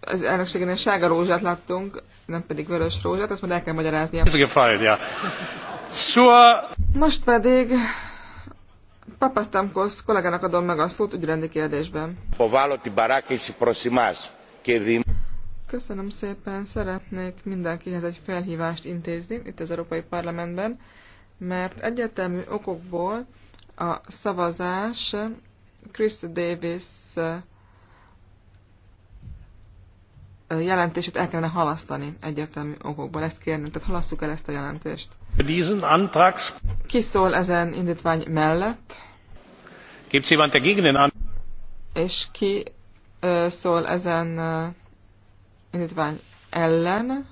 az elnökségen egy sága rózsát láttunk, nem pedig vörös rózsát, ezt majd el kell magyaráznia. Szóval- Most pedig Papasztamkosz kollégának adom meg a szót ügyrendi kérdésben. Köszönöm szépen, szeretnék mindenkihez egy felhívást intézni itt az Európai Parlamentben, mert egyetemű okokból a szavazás Chris Davis jelentését el kellene halasztani egyértelmű okokból. Ezt kérnünk, tehát halasszuk el ezt a jelentést. Ki szól ezen indítvány mellett? jemand dagegen És ki szól ezen indítvány ellen?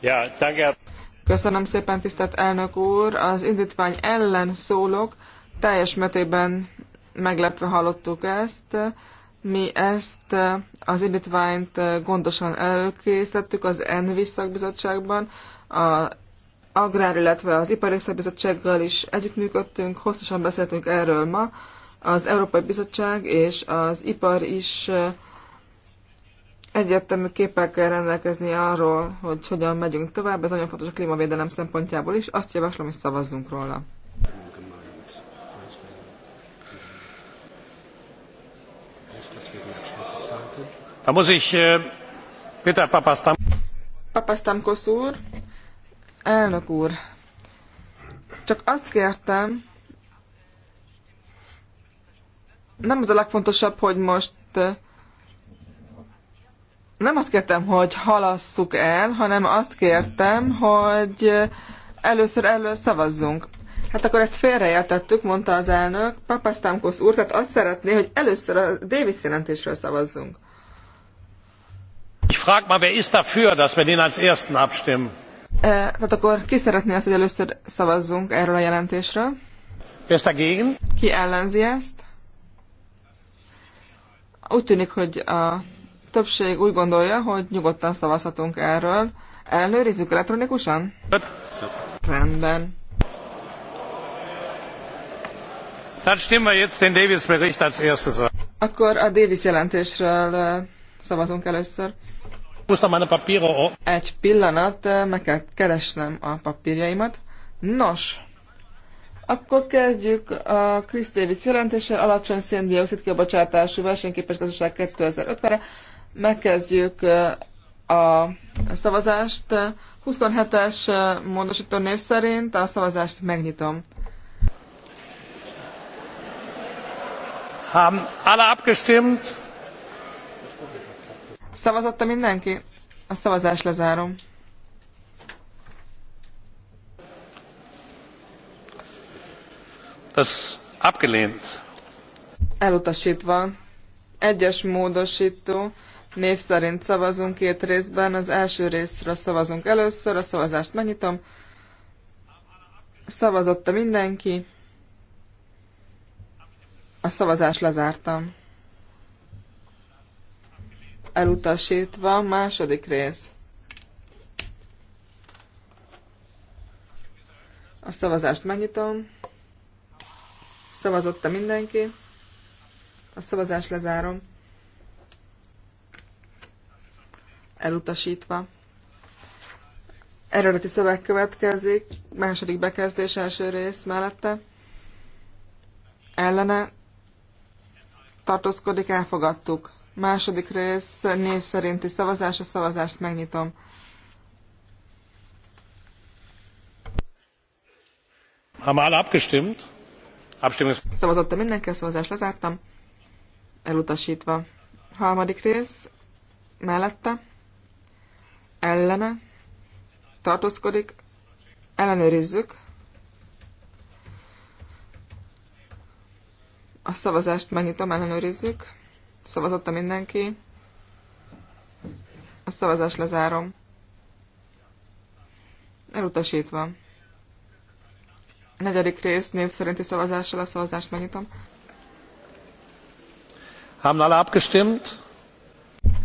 Ja, danke. Köszönöm szépen, tisztelt elnök úr! Az indítvány ellen szólok, teljes mértékben meglepve hallottuk ezt. Mi ezt eh, az indítványt eh, gondosan előkészítettük az ENVI szakbizottságban, a Agrár, illetve az Ipari Szakbizottsággal is együttműködtünk, hosszasan beszéltünk erről ma. Az Európai Bizottság és az ipar is eh, egyértelmű képekkel kell rendelkezni arról, hogy hogyan megyünk tovább. Ez nagyon fontos a klímavédelem szempontjából is. Azt javaslom, hogy szavazzunk róla. papastamkos äh, Papastam... úr, elnök úr, csak azt kértem, nem az a legfontosabb, hogy most nem azt kértem, hogy halasszuk el, hanem azt kértem, hogy először elő szavazzunk. Hát akkor ezt félreértettük, mondta az elnök, papastamkos úr, tehát azt szeretné, hogy először a Davis jelentésről szavazzunk frage mal, wer ist dafür, dass wir den als ersten abstimmen? Tehát akkor ki szeretné azt, hogy először szavazzunk erről a jelentésről? Wer ist dagegen? Ki ellenzi ezt? Úgy tűnik, hogy a többség úgy gondolja, hogy nyugodtan szavazhatunk erről. Ellenőrizzük elektronikusan? Öt. Rendben. Dann stimmen wir jetzt den Davis-Bericht als erstes ab. Akkor a Davis jelentésről szavazunk először. Egy pillanat, meg kell keresnem a papírjaimat. Nos, akkor kezdjük a Chris Davis jelentéssel, alacsony széndiokszid kibocsátású versenyképes gazdaság 2050-re. Megkezdjük a szavazást. 27-es módosító név szerint a szavazást megnyitom. Haben alle abgestimmt? Szavazotta mindenki? A szavazás lezárom. Das abgelehnt. Elutasítva. Egyes módosító. Név szerint szavazunk két részben. Az első részre szavazunk először. A szavazást megnyitom. Szavazotta mindenki. A szavazást lezártam elutasítva, második rész. A szavazást megnyitom. Szavazotta mindenki. A szavazást lezárom. Elutasítva. Eredeti szöveg következik, második bekezdés, első rész mellette. Ellene tartózkodik, elfogadtuk. Második rész név szerinti szavazás, a szavazást megnyitom. Haben alle abgestimmt? Abstimmung ist... -e mindenki, a szavazást lezártam. Elutasítva. Harmadik rész mellette. Ellene. Tartózkodik. Ellenőrizzük. A szavazást megnyitom, ellenőrizzük a mindenki? A szavazást lezárom. Elutasítva. Negyedik rész név szerinti szavazással a szavazást megnyitom. Haben alle abgestimmt?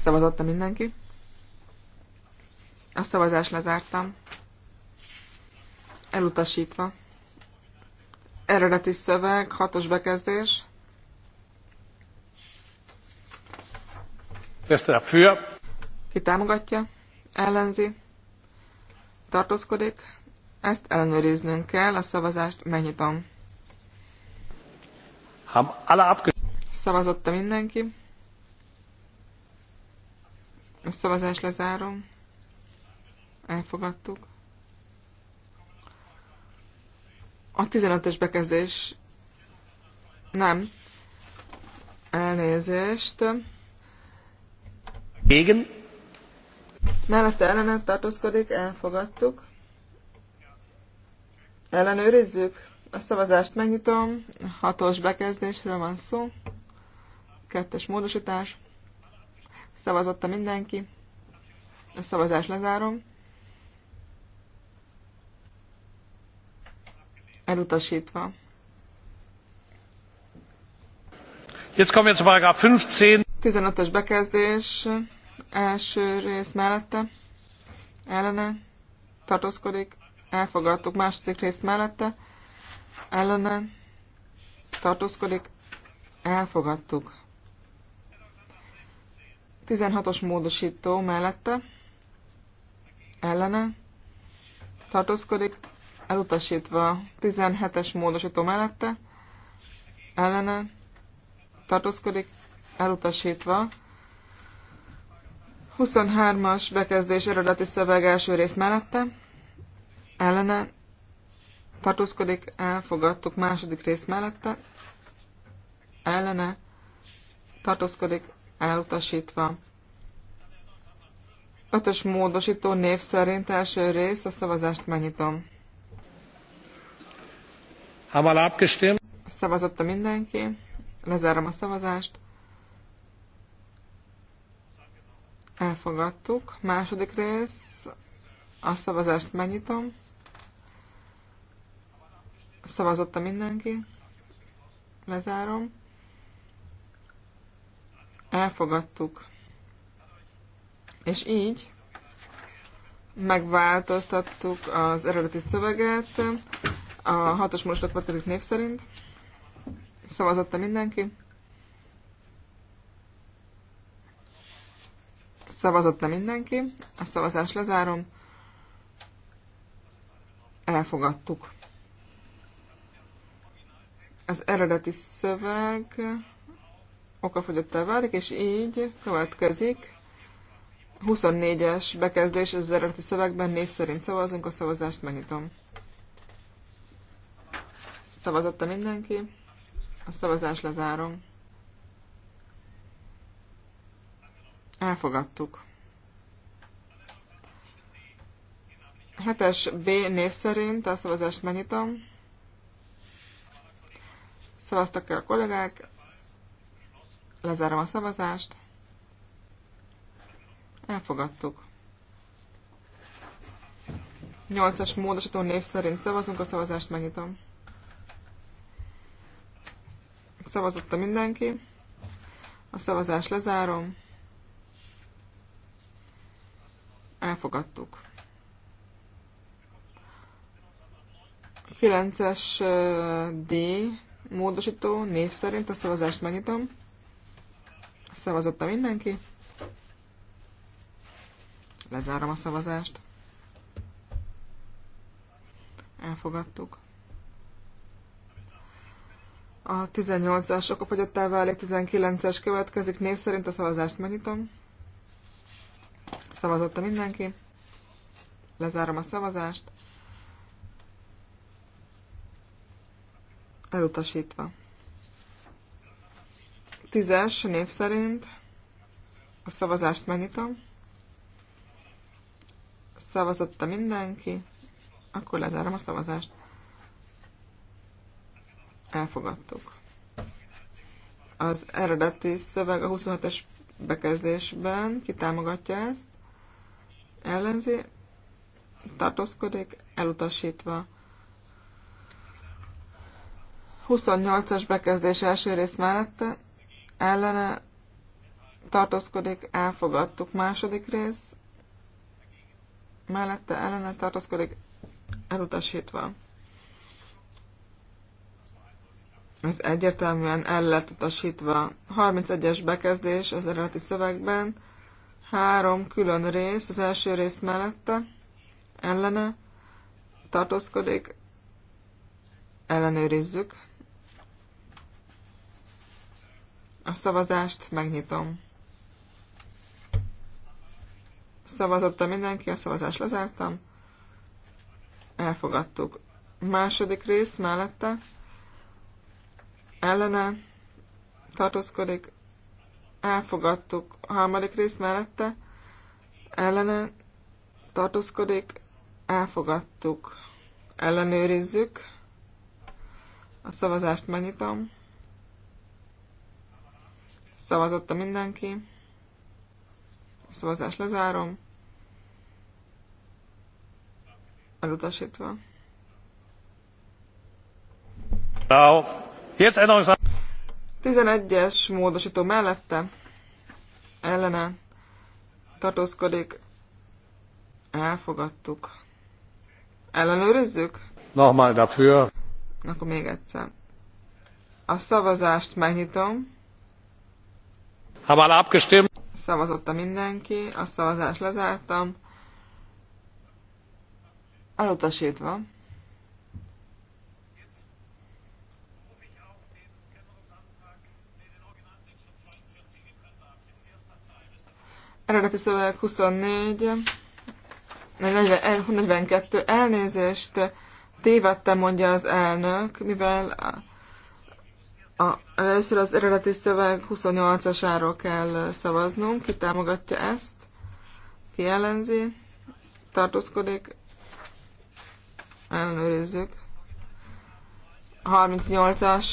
a mindenki? A szavazást lezártam. Elutasítva. Eredeti szöveg, hatos bekezdés. Ki támogatja? Ellenzi? Tartózkodik? Ezt ellenőriznünk kell, a szavazást megnyitom. Szavazott-e mindenki. A szavazást lezárom. Elfogadtuk. A 15-ös bekezdés nem. Elnézést. Gegen? Mellette ellene tartózkodik, elfogadtuk. Ellenőrizzük. A szavazást megnyitom. Hatos bekezdésről van szó. Kettes módosítás. Szavazotta mindenki. A szavazást lezárom. Elutasítva. Jetzt kommen wir zu 15. 15-ös bekezdés. Első rész mellette, ellene, tartózkodik, elfogadtuk. Második rész mellette, ellene, tartózkodik, elfogadtuk. 16-os módosító mellette, ellene, tartózkodik, elutasítva 17-es módosító mellette, ellene, tartózkodik, elutasítva 23-as bekezdés eredeti szöveg első rész mellette, ellene tartózkodik, elfogadtuk második rész mellette, ellene tartózkodik, elutasítva. Ötös módosító név szerint első rész, a szavazást megnyitom. Haben alle abgestimmt? Szavazotta mindenki. Lezárom a szavazást. Elfogadtuk. Második rész. A szavazást megnyitom. Szavazotta mindenki. Lezárom. Elfogadtuk. És így megváltoztattuk az eredeti szöveget. A hatos mostok következik név szerint. Szavazotta mindenki. Szavazott nem mindenki. A szavazást lezárom. Elfogadtuk. Az eredeti szöveg okafogyottá válik, és így következik 24-es bekezdés az eredeti szövegben név szerint szavazunk, a szavazást megnyitom. Szavazotta mindenki, a szavazást lezárom. Elfogadtuk. 7-es B név szerint a szavazást megnyitom. Szavaztak-e a kollégák? Lezárom a szavazást. Elfogadtuk. 8-as módosító név szerint szavazunk, a szavazást megnyitom. Szavazotta mindenki. A szavazást lezárom. elfogadtuk. 9-es D módosító név szerint a szavazást megnyitom. Szavazotta mindenki. Lezárom a szavazást. Elfogadtuk. A 18-as okafogyottá válik, 19-es következik. Név szerint a szavazást megnyitom. Szavazotta mindenki. Lezárom a szavazást. Elutasítva. Tízes név szerint a szavazást megnyitom. Szavazotta mindenki. Akkor lezárom a szavazást. Elfogadtuk. Az eredeti szöveg a 27-es bekezdésben kitámogatja ezt ellenzi, tartózkodik, elutasítva. 28-as bekezdés első rész mellette, ellene tartózkodik, elfogadtuk. Második rész mellette, ellene tartózkodik, elutasítva. Ez egyértelműen el lett utasítva. 31-es bekezdés az eredeti szövegben, Három külön rész, az első rész mellette, ellene, tartózkodik, ellenőrizzük. A szavazást megnyitom. Szavazotta mindenki, a szavazást lezártam. Elfogadtuk. Második rész mellette, ellene, tartózkodik, elfogadtuk. A harmadik rész mellette ellene tartózkodik, elfogadtuk. Ellenőrizzük. A szavazást megnyitom. Szavazotta mindenki. A szavazást lezárom. Elutasítva. Now, here's Änderungsantrag. 11-es módosító mellette ellene tartózkodik. Elfogadtuk. Ellenőrizzük? Nochmal dafür. Akkor még egyszer. A szavazást megnyitom. Haben alle Szavazotta mindenki, a szavazást lezártam. Elutasítva. Eredeti szöveg 24, 42. Eh, Elnézést tévedtem, mondja az elnök, mivel a, a, először az eredeti szöveg 28-asáról kell szavaznunk. Ki támogatja ezt? Ki ellenzi? Tartózkodik? Ellenőrizzük. 38-as.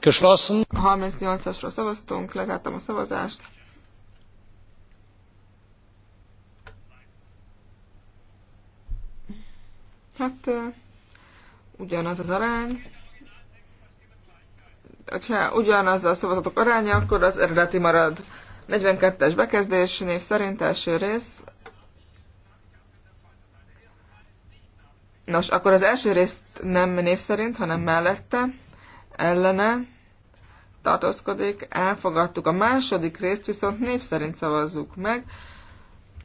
Köszönöm. 38 asra szavaztunk, lezártam a szavazást. Hát ugyanaz az arány. Ha ugyanaz a szavazatok aránya, akkor az eredeti marad. 42-es bekezdés, név szerint első rész. Nos, akkor az első részt nem név szerint, hanem mellette, ellene tartózkodik, elfogadtuk. A második részt viszont név szerint szavazzuk meg.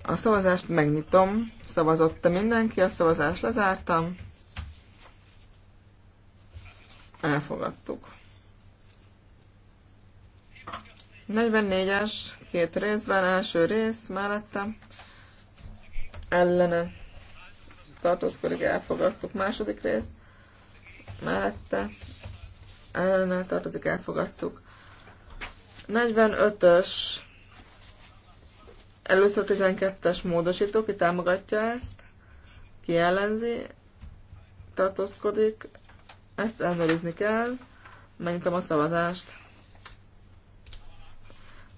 A szavazást megnyitom. Szavazott mindenki, a szavazást lezártam. Elfogadtuk. 44-es, két részben, első rész mellette, Ellene tartózkodik, elfogadtuk. Második rész mellette. Ellene tartozik, elfogadtuk. 45-ös Először 12-es módosító, ki támogatja ezt, ki ellenzi, tartózkodik, ezt ellenőrizni kell, megnyitom a szavazást.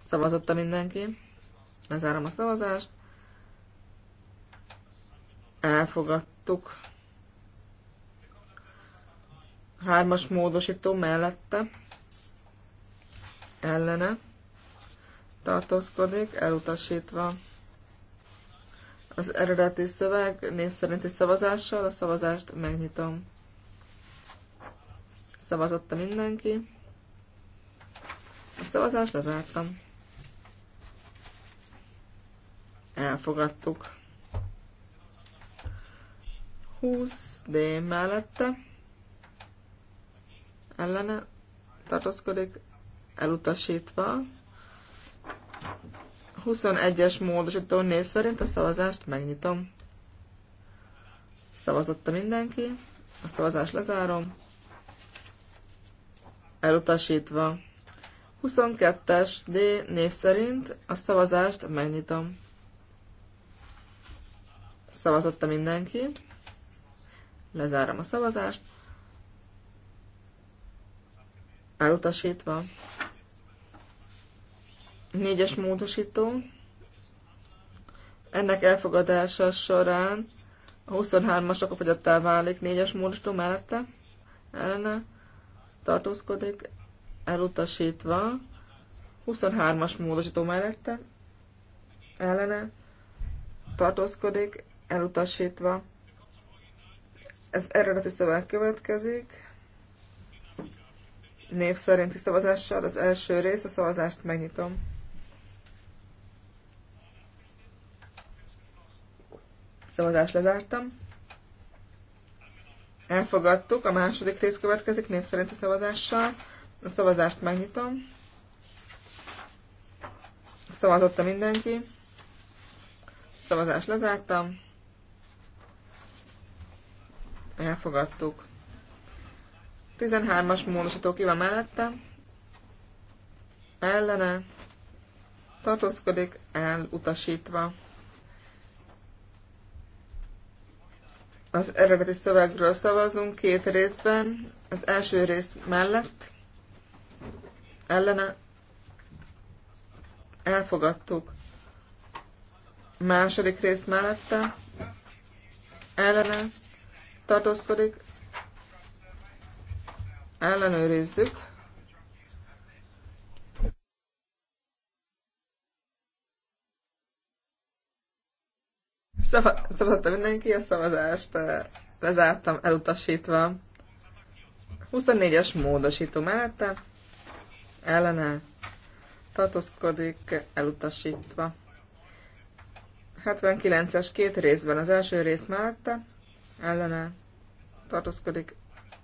Szavazotta mindenki. Lezárom a szavazást. Elfogadtuk. Hármas módosító mellette. Ellene tartózkodik, elutasítva. Az eredeti szöveg név szerinti szavazással a szavazást megnyitom. Szavazotta mindenki. A szavazást lezártam. Elfogadtuk. 20D mellette ellene tartózkodik, elutasítva. 21-es módosító név szerint a szavazást megnyitom. Szavazotta mindenki. A szavazást lezárom. Elutasítva. 22-es D név szerint a szavazást megnyitom. Szavazotta mindenki. Lezárom a szavazást. Elutasítva. Négyes módosító. Ennek elfogadása során a 23-as okafogyottá válik, négyes módosító mellette ellene tartózkodik, elutasítva. 23-as módosító mellette ellene tartózkodik, elutasítva. Ez eredeti szöveg következik. Név szerinti szavazással az első rész, a szavazást megnyitom. Szavazást lezártam. Elfogadtuk, a második rész következik név szerinti szavazással. A szavazást megnyitom. Szavazotta mindenki. Szavazást lezártam. Elfogadtuk. 13-as módosító ki van mellette. Ellene. Tartózkodik elutasítva. az eredeti szövegről szavazunk két részben, az első rész mellett, ellene elfogadtuk. Második rész mellette, ellene tartózkodik, ellenőrizzük. Szavazott mindenki a szavazást, lezártam elutasítva. 24-es módosító mellette, ellene tartózkodik elutasítva. 79-es két részben, az első rész mellette, ellene tartózkodik,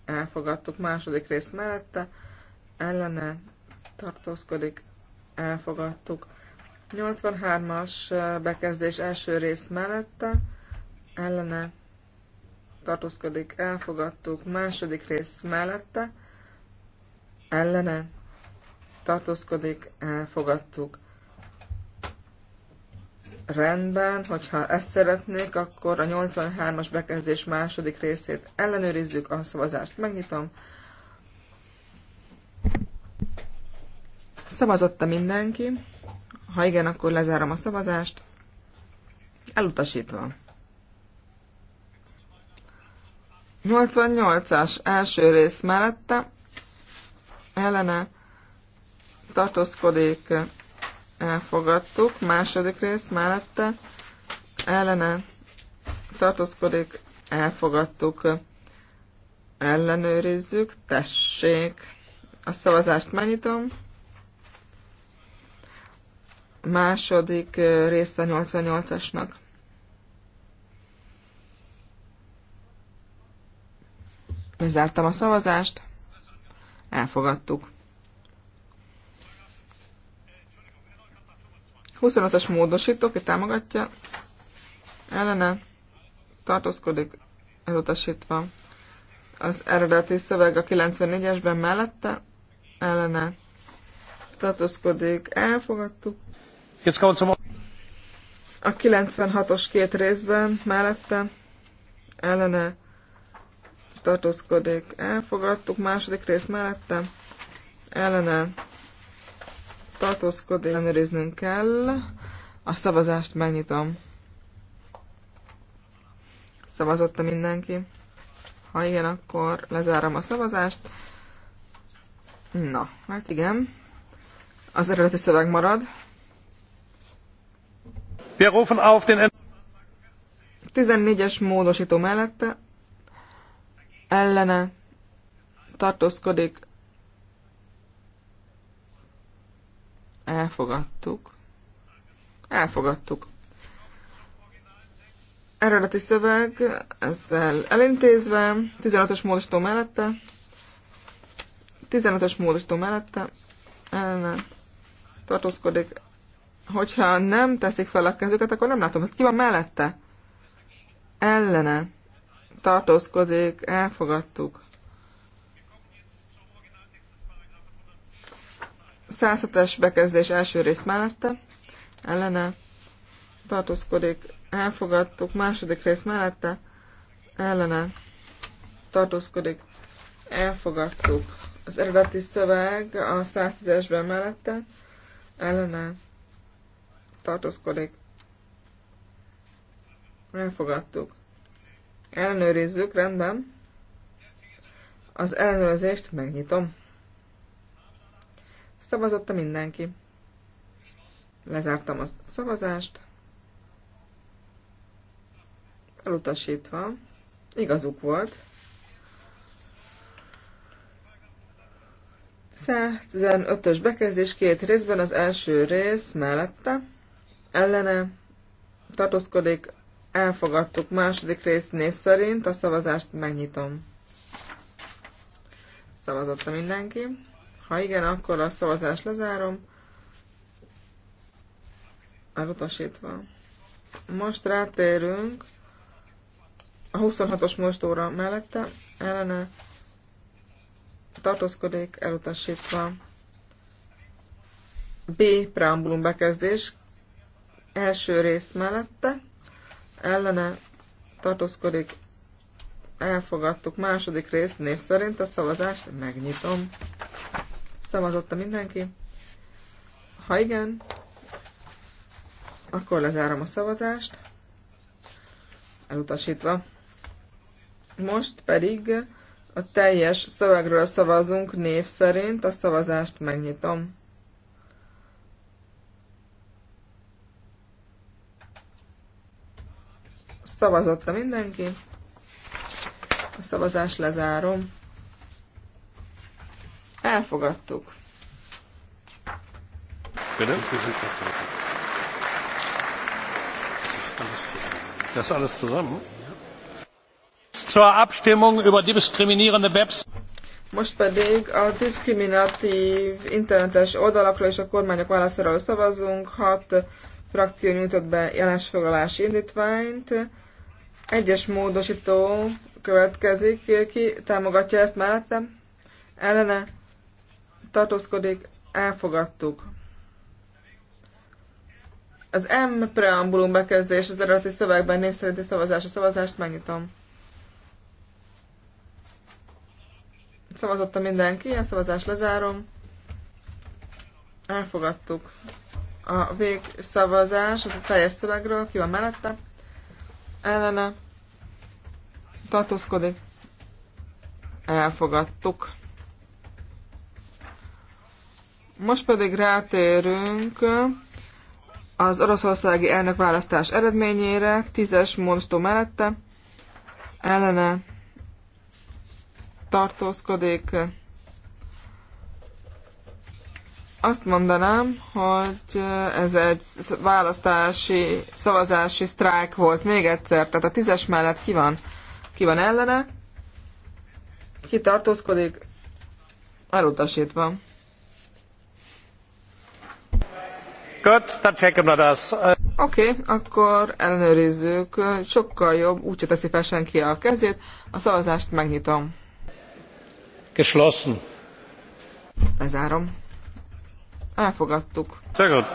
elfogadtuk, második rész mellette, ellene tartózkodik, elfogadtuk. 83-as bekezdés első rész mellette ellene tartózkodik, elfogadtuk. Második rész mellette ellene tartózkodik, elfogadtuk. Rendben, hogyha ezt szeretnék, akkor a 83-as bekezdés második részét ellenőrizzük, a szavazást megnyitom. Szavazotta mindenki. Ha igen, akkor lezárom a szavazást. Elutasítva. 88-as első rész mellette ellene tartózkodik, elfogadtuk. Második rész mellette ellene tartózkodik, elfogadtuk. Ellenőrizzük, tessék. A szavazást megnyitom második része 88-asnak. Lezártam a szavazást. Elfogadtuk. 25 as módosító, ki támogatja, ellene tartózkodik, elutasítva. Az eredeti szöveg a 94-esben mellette, ellene tartózkodik, elfogadtuk. A 96-os két részben mellette ellene tartózkodik. Elfogadtuk második rész mellette ellene tartózkodik. Ellenőriznünk kell. A szavazást megnyitom. Szavazott mindenki? Ha igen, akkor lezárom a szavazást. Na, hát igen. Az eredeti szöveg marad. 14-es módosító mellette ellene tartózkodik. Elfogadtuk. Elfogadtuk. Eredeti szöveg, ezzel elintézve, 15-ös módosító mellette, 15-ös módosító mellette, ellene tartózkodik, hogyha nem teszik fel a kezüket, akkor nem látom, hogy ki van mellette. Ellene. Tartózkodik, elfogadtuk. 107-es bekezdés első rész mellette. Ellene. Tartózkodik, elfogadtuk. Második rész mellette. Ellene. Tartózkodik, elfogadtuk. Az eredeti szöveg a 110-esben mellette. Ellene tartózkodik. Elfogadtuk. Ellenőrizzük, rendben. Az ellenőrzést megnyitom. Szavazotta mindenki. Lezártam a szavazást. Elutasítva. Igazuk volt. 115-ös bekezdés két részben, az első rész mellette ellene tartózkodik, elfogadtuk második rész név szerint, a szavazást megnyitom. Szavazotta mindenki. Ha igen, akkor a szavazást lezárom. Elutasítva. Most rátérünk a 26-os mostóra mellette, ellene tartózkodik, elutasítva. B. Preambulum bekezdés első rész mellette, ellene tartózkodik, elfogadtuk második részt név szerint a szavazást, megnyitom. Szavazotta mindenki? Ha igen, akkor lezárom a szavazást, elutasítva. Most pedig a teljes szövegről szavazunk név szerint, a szavazást megnyitom. Szavazott mindenki. A szavazást lezárom. Elfogadtuk. Das alles zusammen? Zur Abstimmung über diskriminierende Webs. Most pedig a diszkriminatív internetes oldalakról és a kormányok válaszáról szavazunk. Hat frakció nyújtott be jelensfoglalási indítványt. Egyes módosító következik. Ki támogatja ezt mellettem? Ellene tartózkodik. Elfogadtuk. Az M preambulum bekezdés az eredeti szövegben név szerinti szavazás. A szavazást megnyitom. Szavazotta mindenki, a szavazást lezárom. Elfogadtuk. A végszavazás, az a teljes szövegről, ki van mellette? ellene tartózkodik. Elfogadtuk. Most pedig rátérünk az oroszországi elnökválasztás eredményére, tízes monstó mellette, ellene tartózkodik, azt mondanám, hogy ez egy választási, szavazási sztrájk volt még egyszer, tehát a tízes mellett ki van, ki van ellene, ki tartózkodik, elutasítva. Uh, Oké, okay, akkor ellenőrizzük. Sokkal jobb, úgyse teszi fel senki a kezét. A szavazást megnyitom. Geschlossen. Lezárom. Elfogadtuk. Sehr gut.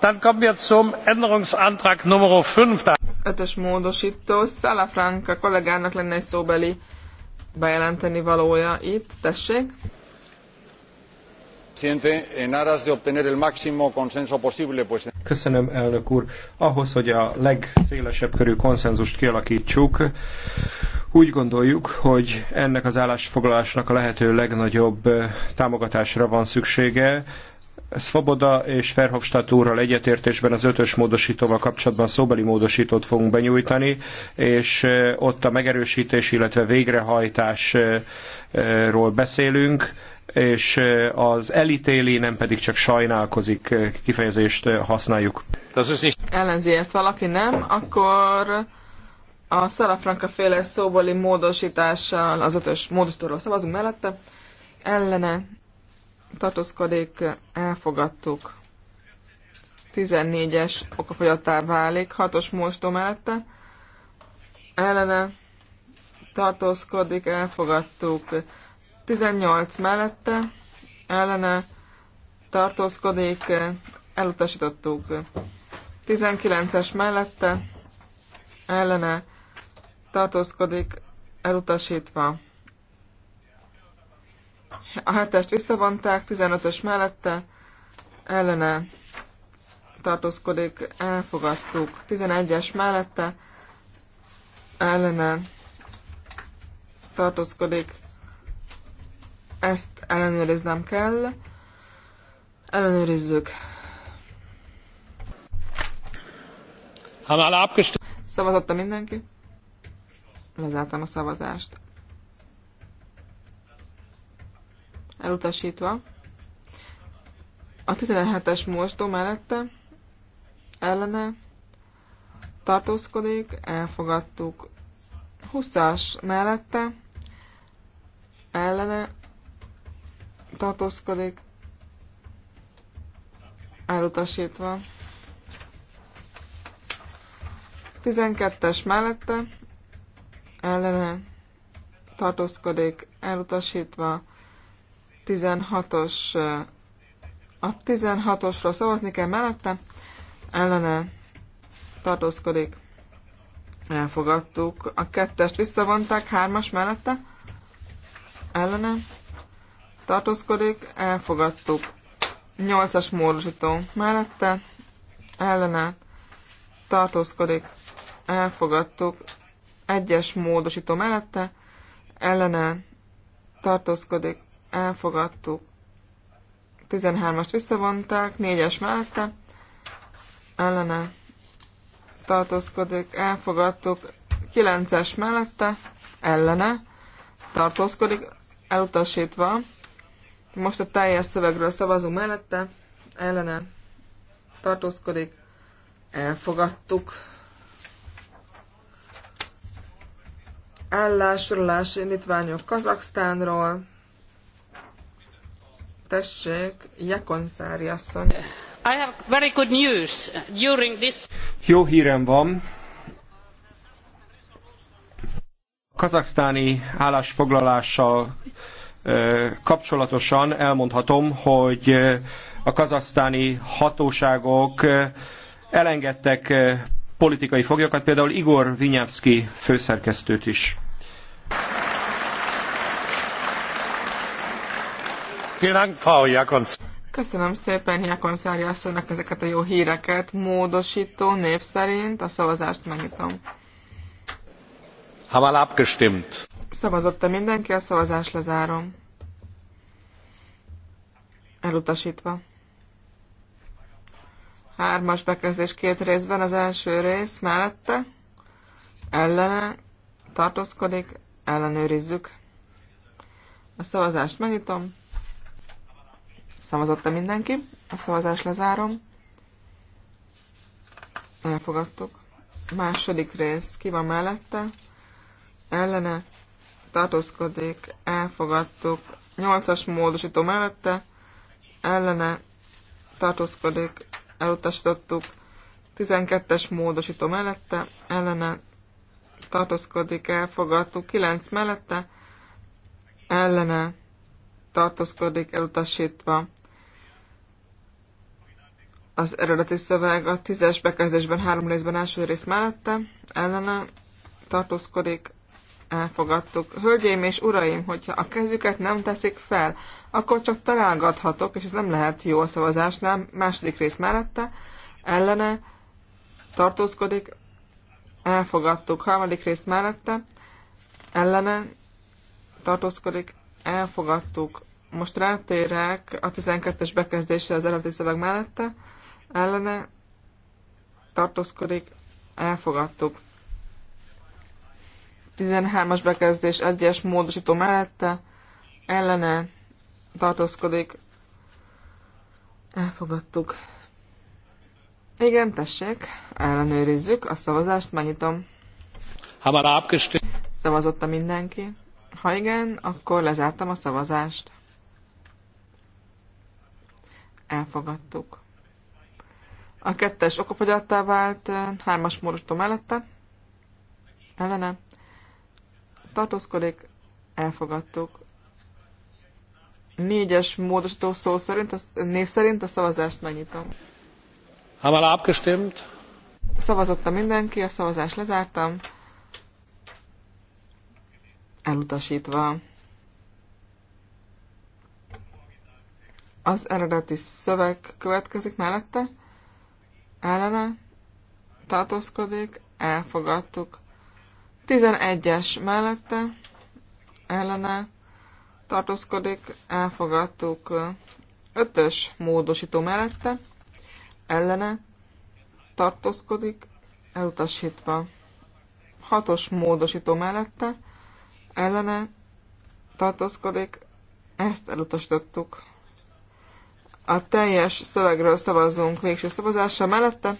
Dann kommen wir zum Änderungsantrag Ötös módostó Salafranca kollégának lenne egy szóbeli bejelenteni valója itt. Tessék. Köszönöm, elnök úr. Ahhoz, hogy a legszélesebb körű konszenzust kialakítsuk, úgy gondoljuk, hogy ennek az állásfoglalásnak a lehető legnagyobb támogatásra van szüksége. Svoboda és Ferhofstadt úrral egyetértésben az ötös módosítóval kapcsolatban szóbeli módosítót fogunk benyújtani, és ott a megerősítés, illetve végrehajtásról beszélünk és az elítéli, nem pedig csak sajnálkozik kifejezést használjuk. Ellenzi ezt valaki, nem? Akkor a Szalafranka féle szóbeli módosítással, az ötös módosítóról szavazunk mellette, ellene tartózkodik, elfogadtuk. 14-es okafogyattá válik, 6-os módosító mellette, ellene tartózkodik, elfogadtuk. 18 mellette ellene tartózkodik, elutasítottuk. 19-es mellette ellene tartózkodik, elutasítva. A hetest visszavonták, 15-ös mellette ellene tartózkodik, elfogadtuk. 11-es mellette ellene tartózkodik, ezt ellenőriznem kell. Ellenőrizzük. Szavazotta mindenki? Lezártam a szavazást. Elutasítva. A 17-es mostó mellette ellene tartózkodik, elfogadtuk. 20-as mellette ellene tartózkodik, elutasítva. 12-es mellette ellene tartózkodik, elutasítva. 16-os a 16-osra szavazni kell mellette, ellene tartózkodik. Elfogadtuk. A kettest visszavonták, hármas mellette. Ellene tartózkodik, elfogadtuk. 8-as módosító mellette, ellene tartózkodik, elfogadtuk. 1-es módosító mellette, ellene tartózkodik, elfogadtuk. 13-ast visszavonták, 4-es mellette, ellene tartózkodik, elfogadtuk. 9-es mellette, ellene tartózkodik, elutasítva. Most a teljes szövegről szavazunk mellette, ellene tartózkodik, elfogadtuk. Állásolás indítványok Kazaksztánról. Tessék, Jekonszári asszony. I have very good news during this... Jó hírem van. A kazaksztáni állásfoglalással kapcsolatosan elmondhatom, hogy a kazasztáni hatóságok elengedtek politikai foglyokat, például Igor Vinyavski főszerkesztőt is. Köszönöm szépen Jákon Szári asszonynak ezeket a jó híreket. Módosító név szerint a szavazást megnyitom. Hamal abgestimmt. Szavazott-e mindenki? A szavazás lezárom. Elutasítva. Hármas bekezdés két részben, az első rész mellette, ellene, tartózkodik, ellenőrizzük. A szavazást megnyitom. Szavazott-e mindenki? A szavazás lezárom. Elfogadtuk. Második rész, ki van mellette? Ellene, tartózkodik, elfogadtuk. 8-as módosító mellette ellene tartózkodik, elutasítottuk. 12-es módosító mellette ellene tartózkodik, elfogadtuk. 9 mellette ellene tartózkodik, elutasítva. Az eredeti szöveg a 10-es bekezdésben három részben első rész mellette ellene tartózkodik, elfogadtuk. Hölgyeim és uraim, hogyha a kezüket nem teszik fel, akkor csak találgathatok, és ez nem lehet jó a szavazásnál. Második rész mellette, ellene, tartózkodik, elfogadtuk. Harmadik rész mellette, ellene, tartózkodik, elfogadtuk. Most rátérek a 12-es bekezdésre az eredeti szöveg mellette, ellene, tartózkodik, elfogadtuk. 13-as bekezdés egyes módosító mellette ellene tartózkodik. Elfogadtuk. Igen, tessék, ellenőrizzük a szavazást, megnyitom. Ha már abgestimmt. Szavazotta mindenki? Ha igen, akkor lezártam a szavazást. Elfogadtuk. A kettes okofogyattá vált, hármas módosító mellette. Ellene tartózkodik, elfogadtuk. Négyes módosító szó szerint, név szerint a szavazást megnyitom. Haben abgestimmt? Szavazotta mindenki, a szavazást lezártam. Elutasítva. Az eredeti szöveg következik mellette. Ellene tartózkodik, elfogadtuk 11-es mellette ellene tartózkodik, elfogadtuk 5-ös módosító mellette ellene tartózkodik, elutasítva. 6-os módosító mellette ellene tartózkodik, ezt elutasítottuk. A teljes szövegről szavazunk végső szavazása mellette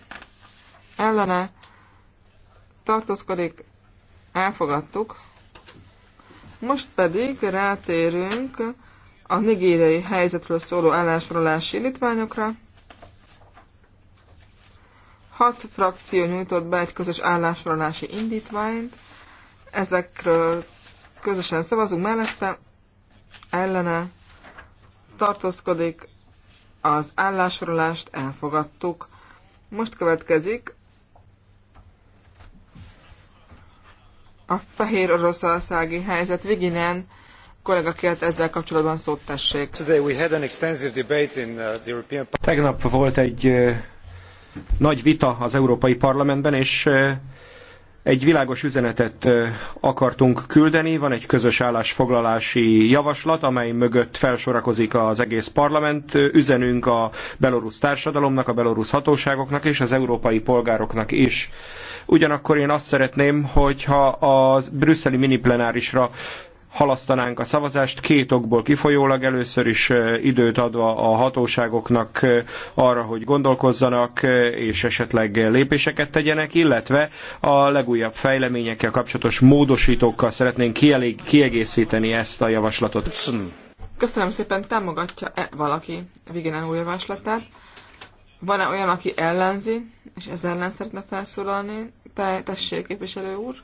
ellene tartózkodik, elfogadtuk. Most pedig rátérünk a nigériai helyzetről szóló állásfoglalási indítványokra. Hat frakció nyújtott be egy közös állásfoglalási indítványt. Ezekről közösen szavazunk mellette, ellene tartózkodik, az állásfoglalást elfogadtuk. Most következik a fehér oroszországi helyzet. Viginen kollega kért ezzel kapcsolatban szót tessék. Uh, Tegnap volt egy nagy vita az Európai Parlamentben, és egy világos üzenetet akartunk küldeni, van egy közös állásfoglalási javaslat, amely mögött felsorakozik az egész parlament. Üzenünk a belorusz társadalomnak, a belorusz hatóságoknak és az európai polgároknak is. Ugyanakkor én azt szeretném, hogyha a brüsszeli miniplenárisra halasztanánk a szavazást két okból kifolyólag, először is időt adva a hatóságoknak arra, hogy gondolkozzanak és esetleg lépéseket tegyenek, illetve a legújabb fejleményekkel kapcsolatos módosítókkal szeretnénk kielég, kiegészíteni ezt a javaslatot. Köszönöm szépen, támogatja-e valaki Vigenen új javaslatát? Van-e olyan, aki ellenzi, és ezzel ellen szeretne felszólalni? Te, tessék, képviselő úr!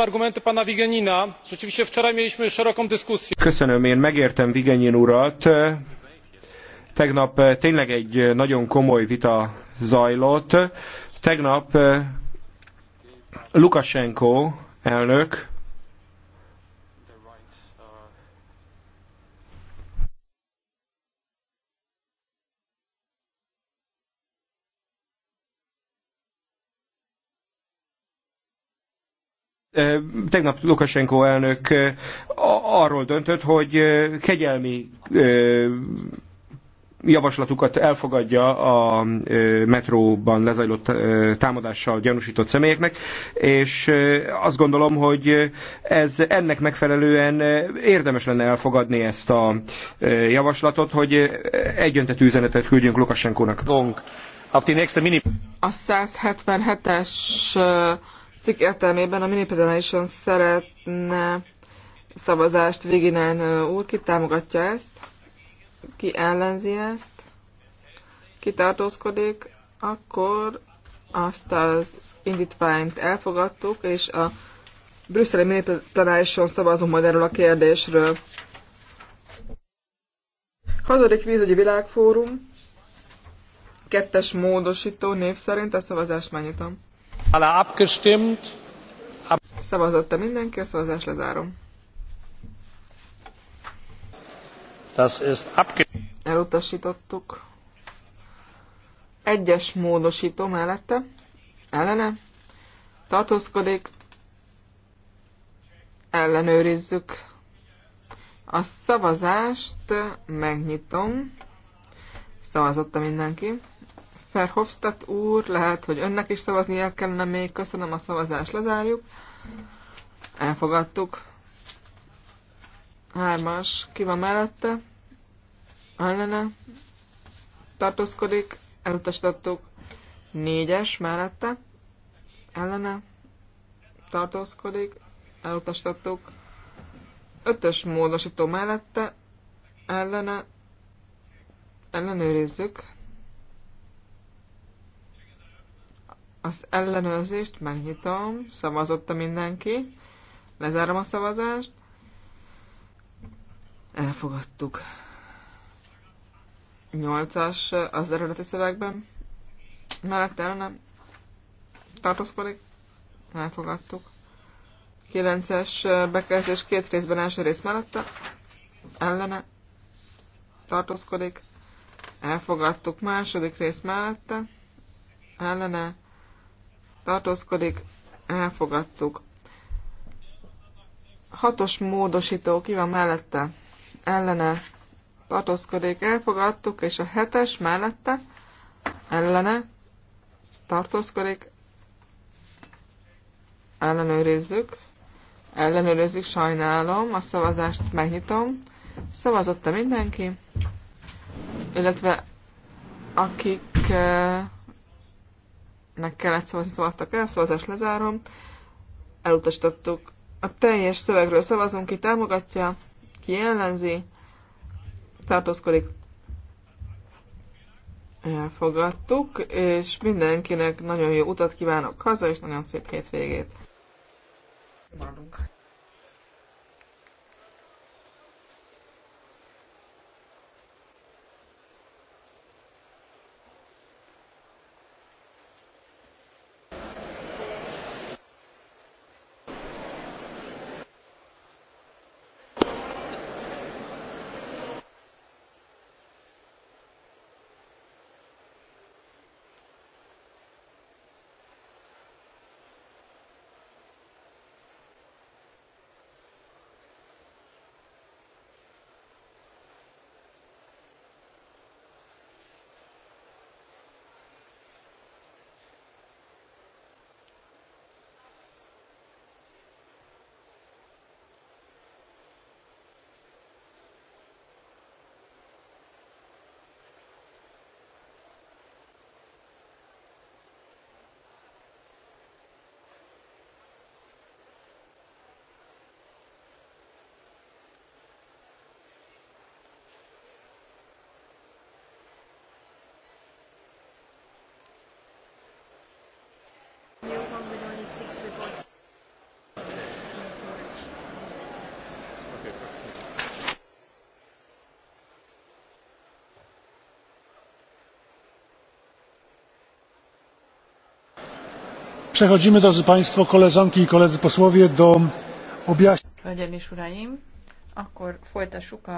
argumenty pana Wigenina. Rzeczywiście wczoraj mieliśmy szeroką dyskusję. Köszönöm, én megértem Wigenin urat. Tegnap eh, tényleg egy eh, nagyon komoly vita zajlott. Tegnap eh, Lukasenko elnök Tegnap Lukasenko elnök arról döntött, hogy kegyelmi javaslatukat elfogadja a metróban lezajlott támadással gyanúsított személyeknek, és azt gondolom, hogy ez ennek megfelelően érdemes lenne elfogadni ezt a javaslatot, hogy egyöntetű üzenetet küldjünk Lukasenkónak. A 177-es cikk értelmében a minipedalation szeretne szavazást Viginen úr. Ki támogatja ezt? Ki ellenzi ezt? Ki tartózkodik? Akkor azt az indítványt elfogadtuk, és a brüsszeli minipedalation szavazunk majd erről a kérdésről. Hazadik vízügyi világfórum, kettes módosító név szerint a szavazást megnyitom. Alle abgestimmt. Szavazott-e mindenki? A szavazás lezárom. Das ist abge Elutasítottuk. Egyes módosító mellette. Ellene. Tartózkodik. Ellenőrizzük. A szavazást megnyitom. Szavazotta mindenki. Verhofstadt úr, lehet, hogy önnek is szavaznia kellene még. Köszönöm a szavazást, lezárjuk. Elfogadtuk. Hármas, ki van mellette? Ellene. Tartózkodik, elutasítottuk. Négyes, mellette. Ellene. Tartózkodik, elutasítottuk. Ötös módosító mellette. Ellene. Ellenőrizzük. Az ellenőrzést megnyitom, szavazott a mindenki, lezárom a szavazást, elfogadtuk. Nyolcas az eredeti szövegben, mellette ellenem tartózkodik, elfogadtuk. Kilences bekezdés két részben első rész mellette, ellene tartózkodik, elfogadtuk második rész mellette, ellene tartózkodik, elfogadtuk. Hatos módosító, ki van mellette? Ellene tartózkodik, elfogadtuk, és a hetes mellette ellene tartózkodik, ellenőrizzük, ellenőrizzük, sajnálom, a szavazást megnyitom, szavazott-e mindenki, illetve akik eh, meg kellett szavazni, szavaztak szóval el, szavazást lezárom, elutasítottuk. A teljes szövegről szavazunk, ki támogatja, ki ellenzi, tartózkodik. Elfogadtuk, és mindenkinek nagyon jó utat kívánok haza, és nagyon szép hétvégét. Maradunk. Przechodzimy, drodzy Państwo, koleżanki i koledzy posłowie, do objaśnienia. Hölgyeim és Uraim, akkor folytassuk a